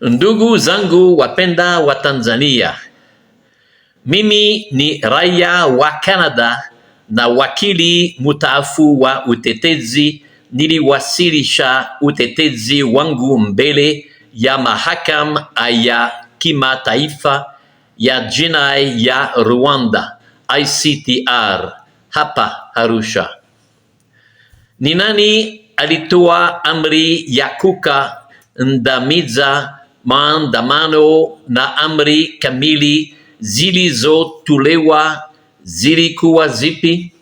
Ndugu zangu wapenda wa Tanzania, mimi ni raia wa Canada na wakili mtaafu wa utetezi. Niliwasilisha utetezi wangu mbele ya mahakama ya kimataifa ya jinai ya Rwanda ICTR hapa Arusha. Ni nani alitoa amri ya kuka ndamiza maandamano na amri kamili zilizotolewa zilikuwa zipi?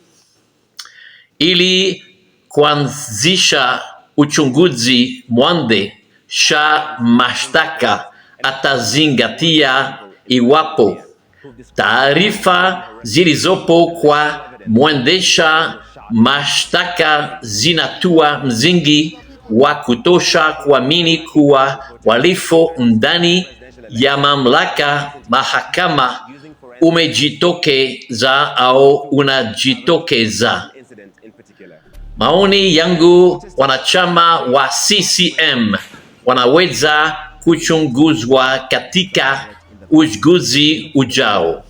Ili kuanzisha uchunguzi mwande sha mashtaka atazingatia iwapo taarifa zilizopo kwa mwendesha mashtaka zinatua mzingi wa kutosha kuamini kuwa walifo ndani ya mamlaka mahakama umejitokeza au unajitokeza. Maoni yangu, wanachama wa CCM wanaweza kuchunguzwa katika uchaguzi ujao.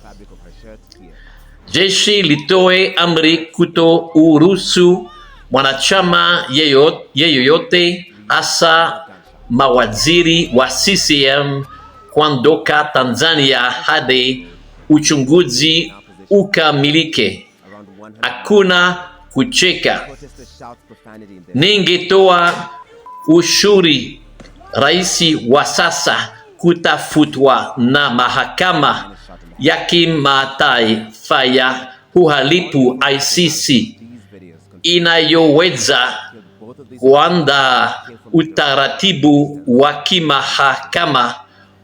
Jeshi litoe amri kuto uruhusu mwanachama yeyoyote hasa mawaziri wa CCM kuondoka Tanzania hadi uchunguzi ukamilike. Hakuna kucheka. Ningetoa ushuri rais wa sasa kutafutwa na mahakama ya kimataifa ya uhalifu ICC inayoweza kuanda utaratibu wa kimahakama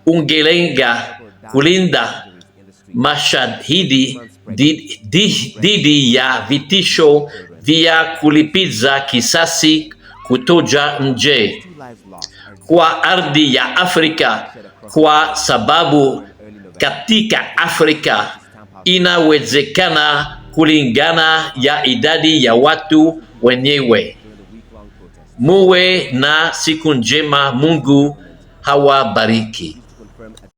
ungelenga kulinda mashahidi dhidi ya vitisho vya kulipiza kisasi kutoja nje kwa ardhi ya Afrika, kwa sababu katika Afrika inawezekana kulingana ya idadi ya watu wenyewe. Muwe na siku njema. Mungu hawabariki.